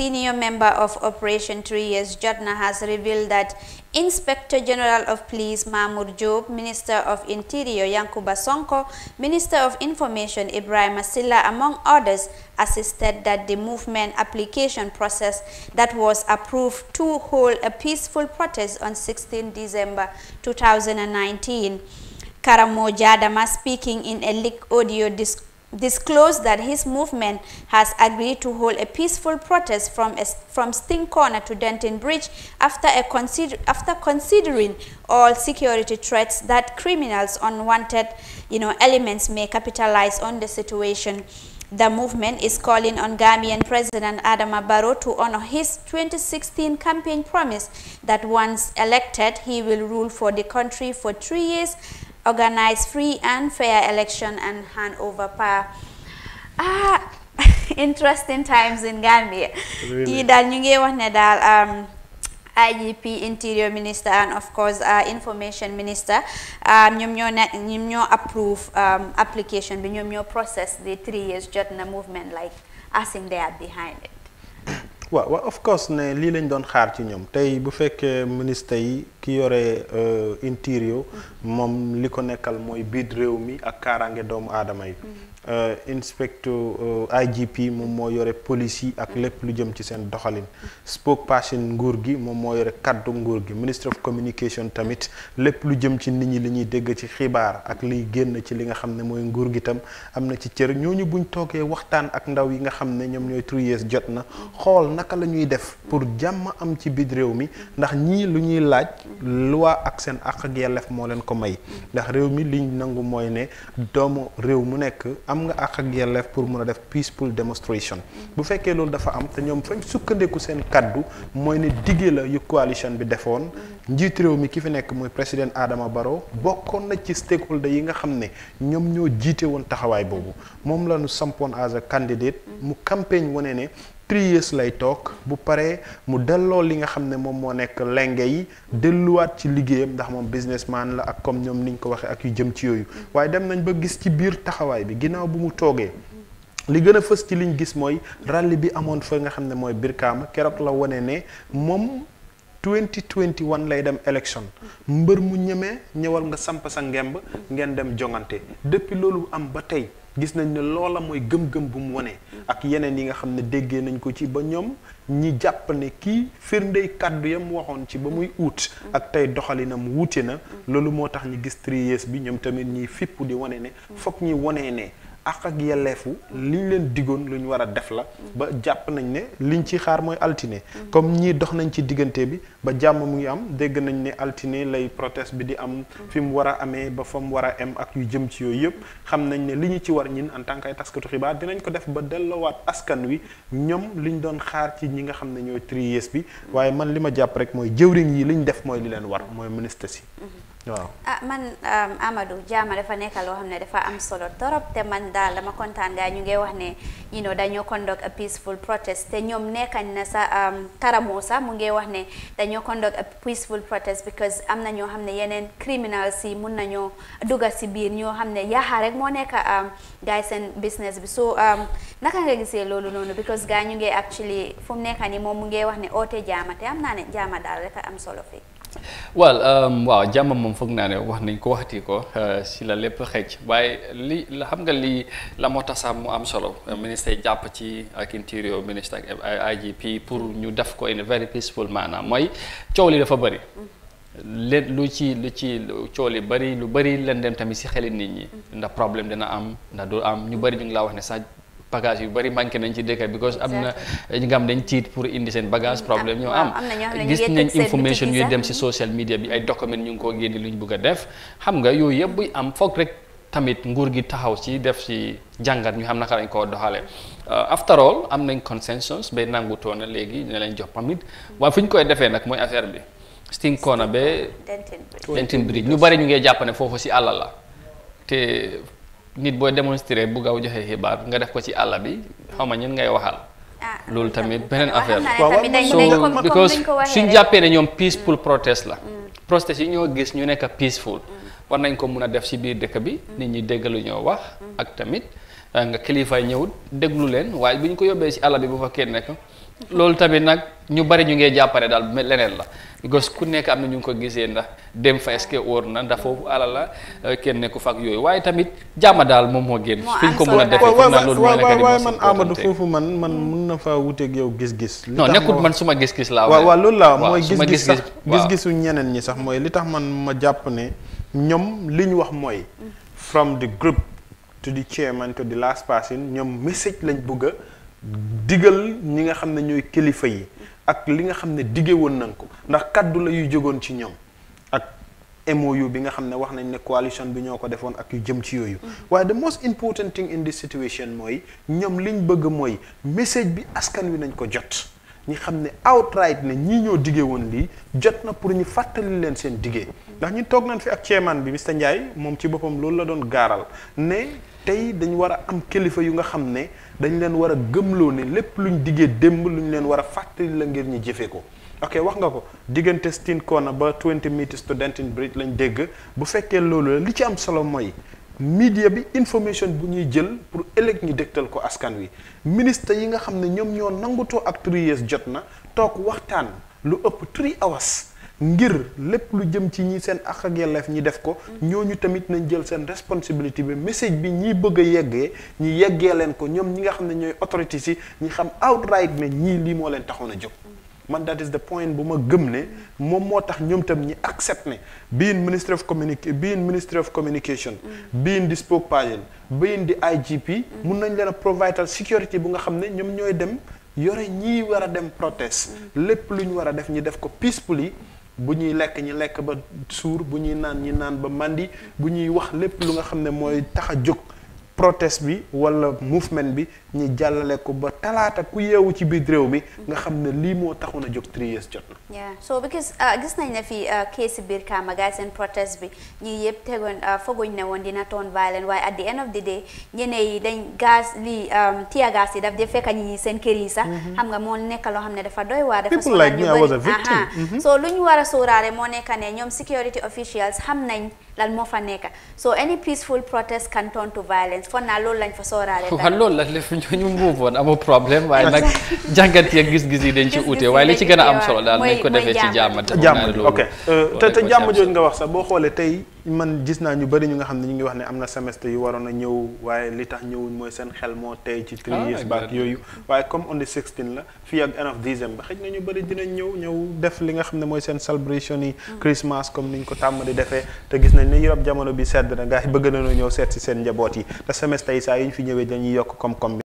senior member of Operation 3 Years Jatna has revealed that Inspector General of Police Mahmoud Job, Minister of Interior Yankuba Sonko, Minister of Information Ibrahim Asila, among others, assisted that the movement application process that was approved to hold a peaceful protest on 16 December 2019. Karamo Jadama speaking in a leaked audio discourse disclosed that his movement has agreed to hold a peaceful protest from, a, from Sting Corner to Denton Bridge after, a consider, after considering all security threats that criminals, unwanted you know, elements may capitalize on the situation. The movement is calling on Gambian President Adama Barrow to honor his 2016 campaign promise that once elected, he will rule for the country for three years organize free and fair election and hand over power. Ah, interesting times in Gambia. Really? IGP, um, Interior Minister, and of course, uh, Information Minister, Um, ñoo ne ñoom approve um, application bi ñoom process the three years jot movement like asking they are behind it. waaw waaw of course ne lii lañ doon xaar ci ñoom tey bu fekkee ministre yi ki yore euh, intérieur mhm. moom li ko nekkal mooy biit réew mi ak kaaraange doomu aadama yi mhm. Euh, inspecteur euh, IGP moom moo yore police yi ak lépp lu jëm ci seen doxalin spokesperson nguur gi moom moo yore kàddu nguur gi ministre of communication tamit lépp lu jëm ci nit ñi li ñuy dégg ci xibaar ak liy génn ci li nga xam ne mooy nguur gi tam am na ci cër ñooñu buñ toogee waxtaan ak ndaw yi nga xam ne ñoom ñooy trouyees jot na xool naka la ñuy def pour jàmm am ci biir réew mi ndax ñii lu ñuy laaj loi ak seen àq ak yelleef moo leen ko may ndax réew ne doomu réew mu nekk am nga àq ak yelleef pour mun a def peaceful demonstration bu fekkee loolu dafa am te ñoom fañ sukkandeku seen kàddu mooy ne diggee la yu coalition bi defoon njiit réew mi ki fi nekk mooy président aadama Barrow bokkoon na ci stakeholder yi nga xam ne ñoom ñoo jiite woon taxawaay boobu moom la ñu sampoon as a candidate mu campagne wane ne years lay tok, bu paré mu dello li nga xamné mom mo nek lengue yi delu wat ci liggéeyam ndax mom businessman la ak comme ñom niñ ko waxe ak yu jëm ci yoyu waye dem nañ ba gis ci biir taxaway bi ginaaw bu mu togué li gëna fess ci liñ gis moy rally bi amone fa nga xamné moy birkama kérok la woné né mom 2021 lay dem election, mbeur mu ñëmé ñëwal nga samp sa ngemb ngeen dem jongante depuis lolu am ba tay gis nañ ne loola mooy gëm-gëm bu mu wone ak yeneen yi nga xam ne déggee nañ ko ci ba ñoom ñi jàpp ne kii firndey kàddu yam waxoon ci ba muy uut ak tey doxalinam wuute na loolu moo tax ñi gis tries bi ñoom tamit ñiy fipp di wane ne foog ñi wonee ne àq ak yelleefu liñ leen diggoon lu ñu war a def la ba jàpp nañ ne liñ ci xaar mooy altine comme ñii dox nañ ci diggante bi ba jàmm mu ngi am dégg nañ ne altine lay proteste bi di am fi mu war a amee ba fa mu war a am ak yu jëm ci yooyu yëpp xam nañ ne li ñu ci war ñin en tant que ay taskatu xibaar dinañ ko def ba delloowaat askan wi ñoom liñ doon xaar ci ñi nga xam ne ñooy tries bi waaye man li ma jàpp rek mooy jëwriñ yi li liñ def mooy li leen war mooy ministre si waaw ah man um, Amadou jaama dafa nekk loo xam ne dafa am solo torop te man daal dama kontaan gaa ñu ngi wax ne you dañoo conduct a peaceful protest te ñoom nekkañ na sa um, taramoo sax mu ngi wax ne dañoo conduct a peaceful protest because am na ñoo xam ne yeneen criminals yi mun nañoo dugga si biir ñoo xam ne yaaxa rek moo nekk um, gaay seen business bi so naka nga gisee loolu noonu because gaa ñu ngi actually fu mu nekka ni moom mu ngee wax ne oote jaama te am naa daal rek am solo fii waaw um, waaw jàmm moom foog naa ne wax nañ ko waxati ko euh, si la lépp xëcc waaye li la xam nga lii la moo tax sax mu am solo ministre yi jàpp ci ak interior ministre ak IGP pour ñu def ko in a very peaceful maanaam mooy coow li dafa bëri leen lu ci lu ci coow li bari lu bari leen dem tamit si xeli nit ñi ndax problème dina am ndax du am ñu bari ñu ngi laa wax ne sax bagage yu bari manke nañ ci dëkk because uh, mm, am na ñi nga am dañ tiit pour indi seen bagage problème ñu am gis nañ information yu dem ci social media bi ay document ñu ko gënë génne bëgg def xam nga yoy yeb ya, bu am fokk rek tamit nguur gi taxaw ci def ci jangat ñu xam naka lañ ko doxale ya. uh, after all am nañ consensus be nangu toona léegi ne lañ jox pamit mm. wa fuñ koy ya, defee nak moy affaire bi sting corner ba dentin bridge ñu bari ñu ngi jappané fofu ci la nit booy démonstrer bu gaaw joxe xibaar nga def ko ci àll bi xaw ma ñun ngay waxal. Ah, loolu tamit beneen affaire la. waaw so because suñ jàppee ne ñoom peaceful mm. protest la. Mm. protest yi ñoo gis ñu nekk peaceful. Mm. war nañ ko mun a def si biir dëkk bi. nit ñi dégg lu ñoo wax ak tamit. Ah, nga kilifaay ñëw déglu leen waaye bi ñu ko yóbbee si àll bi bu fa kenn nekk loolu tamit nag ñu bari ñu ngee jàppare daal leneen la gos ku nekk am na ñu ngi ko gisee ndax dem fa est-ce na ndax foofu alal la eh, kenn nekku yooyu waaye tamit jàmm daal moom moo génn fiñ ko a defee foog naa man Amadou foofu man man mun na faa wuteeg yow gis-gis non nekkul man ma gis-gis laa waaw waaw loolu laa mooy gis-gis sax gis-gisu ñeneen ñi sax mooy li tax man ma jàpp ne ñoom li ñu wax mooy mm. from the group to the chairman to the last person ñoom message lañ bëgg a ñi nga xam ne ñooy kilifa yi ak li nga xam ne dige woon nañ ko ndax kaddu la yuy jógoon ci ñoom ak MOU bi nga xam ne wax nañ ne coalition bi ñoo ko defoon ak yu jëm ci yooyu waaye the most important thing in this situation mooy ñoom liñ bëgg mooy message bi askan wi nañ ko jot ñi xam ne outright ne ñii ñoo dige woon lii jot na pour ñu fàttali leen seen dige ndax ñu toog nañ fi ak ceemaan bi Mr Ndiaye moom ci boppam loolu la doon gaaral ne tey dañ war a am kilifa yu nga xam ne dañu leen war a gëmloo ne lépp luñ diggee démb luñ leen war a fàttali la ngir ñu jëfee ko. ok wax nga ko diggante Stine Kona ba 20 meters to Denton Bridge lañ dégg bu fekkee loolu la li ci am solo mooy. media bi information bu ñuy jël pour ëllëg ñi dégtal ko askan wi ministre yi nga xam ne ñoom ñoo nangutoo ak 3 jot na toog waxtaan lu ëpp 3 hours ngir lépp lu jëm ci ñi seen àq ak yelleef ñi def ko ñooñu tamit nañ jël seen responsabilité bi message bi ñiy bëgg a yeggee ñi yeggee leen ko ñoom ñi nga xam ne ñooy autorité si ñi xam outright ne ñii lii moo leen taxoon a jóg man that is the point bu ma gëm ne moom moo tax ñoom tam ñi accept ne being ministry of communication being ministry of communication being di spokesperson being di IGP mun nañ leen a provide sécurité bu nga xam ne ñoom ñooy dem yore ñii war a dem protest mm. lépp lu ñu war a def ñi def ko peacefully bu ñuy lekk ñi lekk ba suur bu ñuy naan ñi naan ba màndi bu ñuy wax lépp lu nga xam ne mooy tax a jóg protest bi wala mouvement bi ñu jàllale ko ba talaata ku yeewu ci biir réew mi nga xam ne mo moo jog a jóg jot na yeah so because uh, gis nañ ne fii uh, case biir ka seen protest bi yeb yëpp tegoon uh, fogoñ ne woon dina toon violent waaye at the end of the day ñene yi dañ gaz lii um, tia gas yi daf dee fekk ñi seen kër yi sax mm-hmm. xam nga moo nekk loo xam ne dafa doy waa dafa people like me I was a victim mm-hmm. so lu ñu war a sóoraale moo nekk ne ñoom security officials xam nañ lan moo fa nekk so any peaceful protest can turn to violence foog naa loolu lañ fa sooraale. waaw loolu la lépp ñu move on amul problème waaye nag jàngat yeeg gis-gis yi dañ ci uute waaye li ci gën a am solo daal nañ ko defee ci jàmm. jàmm ok te te jàmm euh, jooju nga wax sax boo xoolee tey man gis naa ñu bëri ñu nga xam ne ñu ngi wax ne am na semestre yu waroon a ñëw waaye li tax ñëwuñ mooy seen xel moo tey ci ah, three years waaye comme on the 16 la ba xëj na ñu bëri dinañ ñëw ñëw def li nga xam ne mooy seen celebration yi mm. Christmas comme ni ñu ko tàmm di defee te gis nañ ne Europe jamono bi sedd na gars yi bëgg nañoo ñëw seet si seen njaboot yi te semestre yi saa yi ñu fi ñëwee dañuy yokk koom-koom